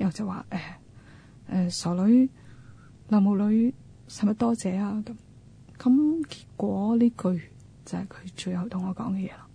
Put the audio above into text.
又就話誒誒，傻女，兩母女使乜多謝啊咁。咁結果呢句就係、是、佢最後同我講嘅嘢啦。